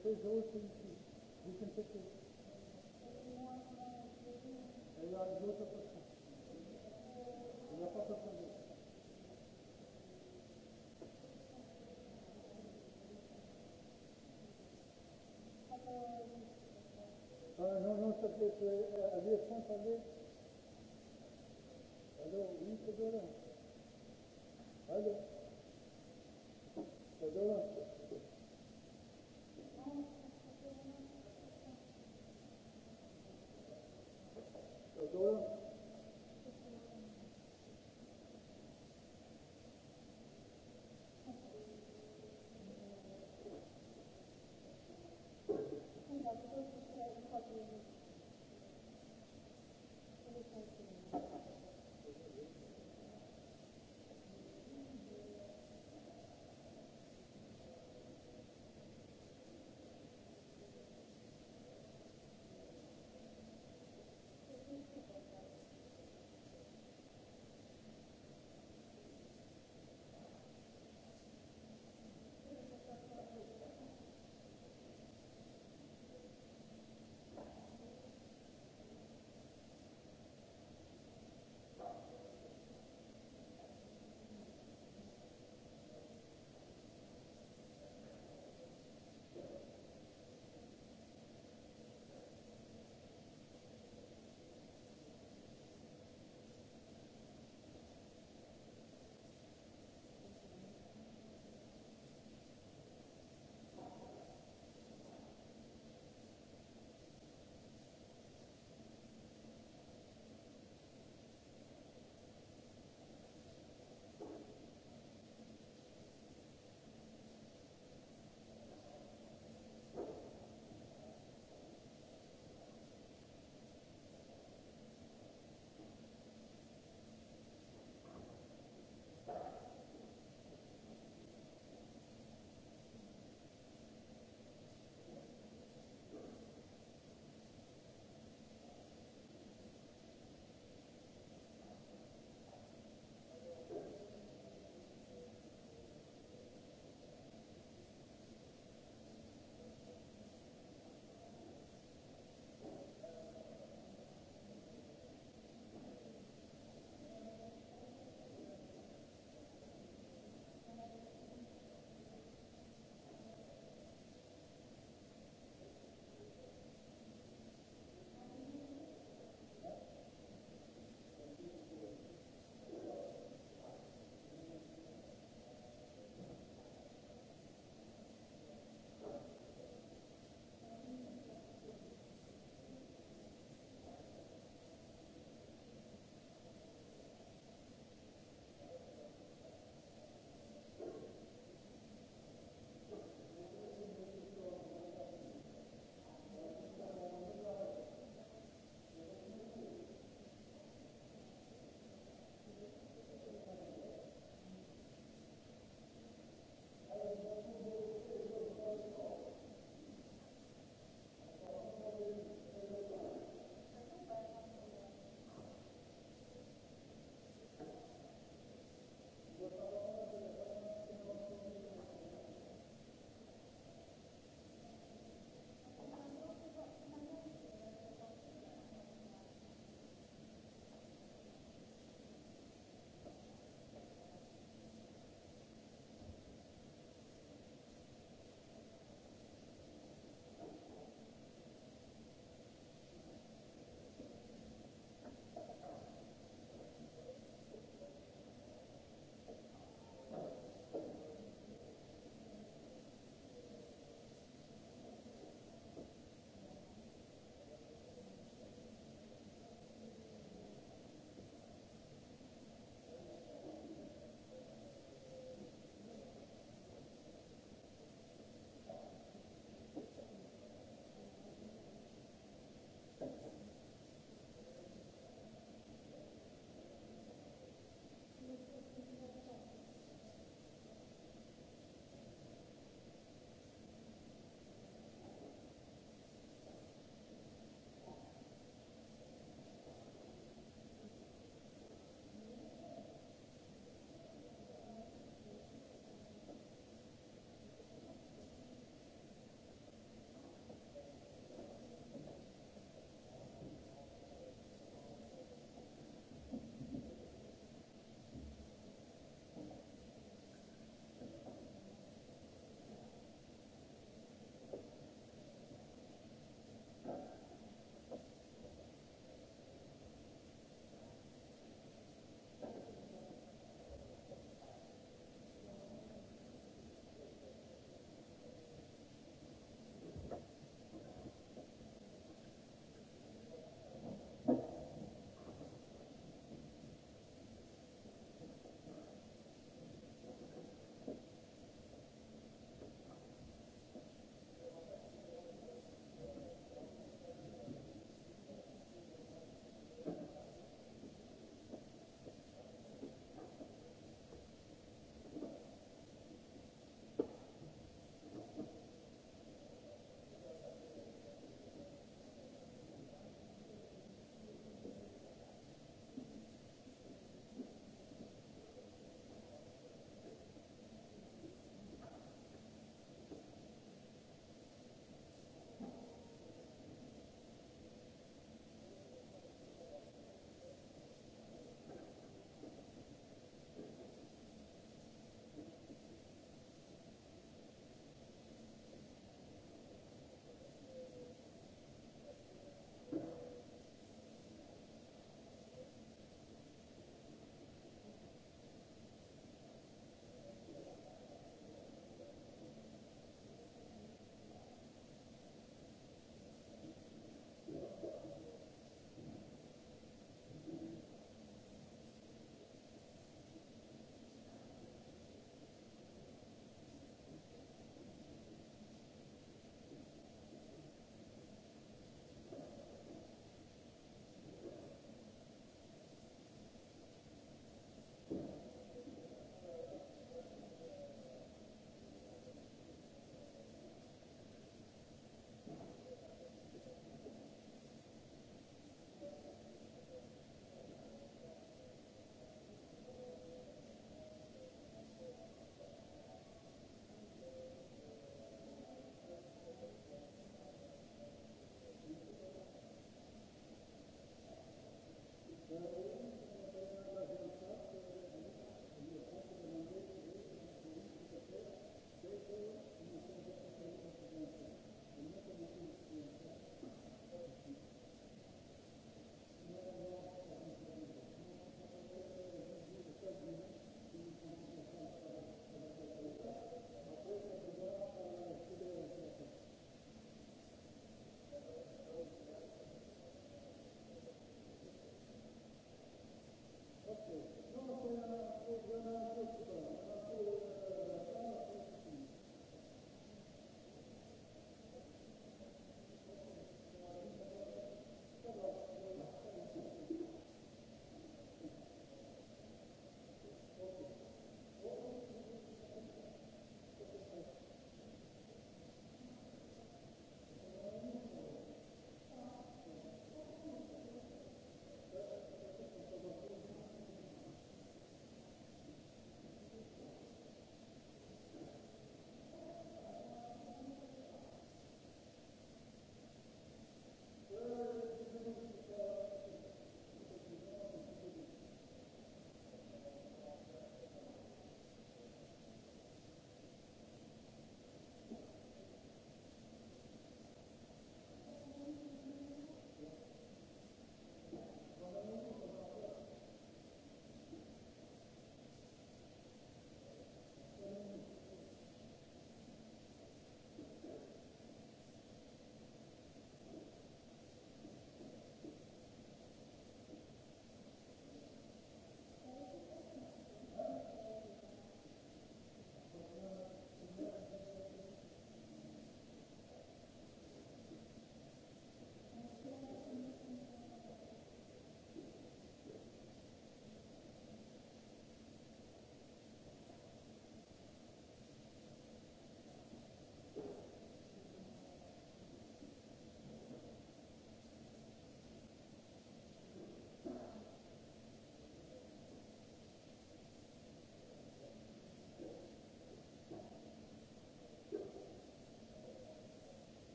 There's those things we can take it. You are a beautiful person. You are perfect for this. Uh, no, no, subject, uh, aviation subject. Hello, we together. Hello.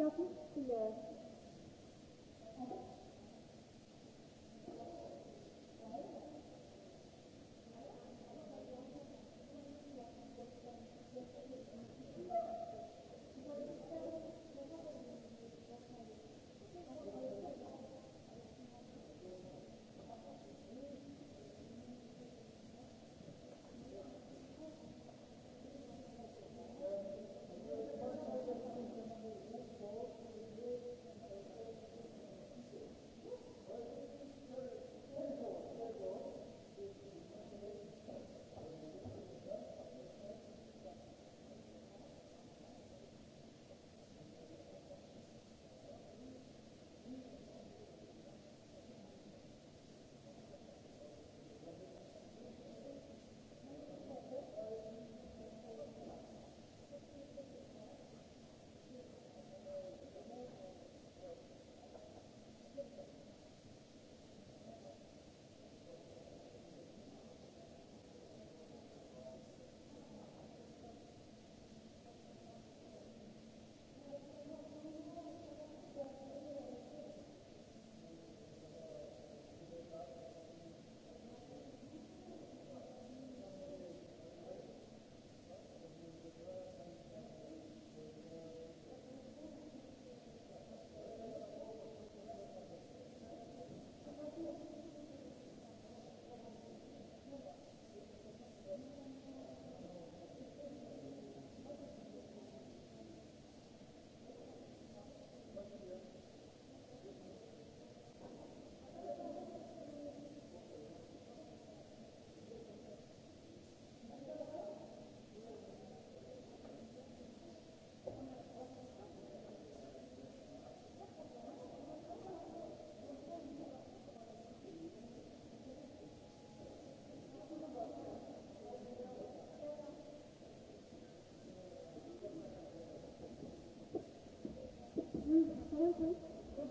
jag visste ju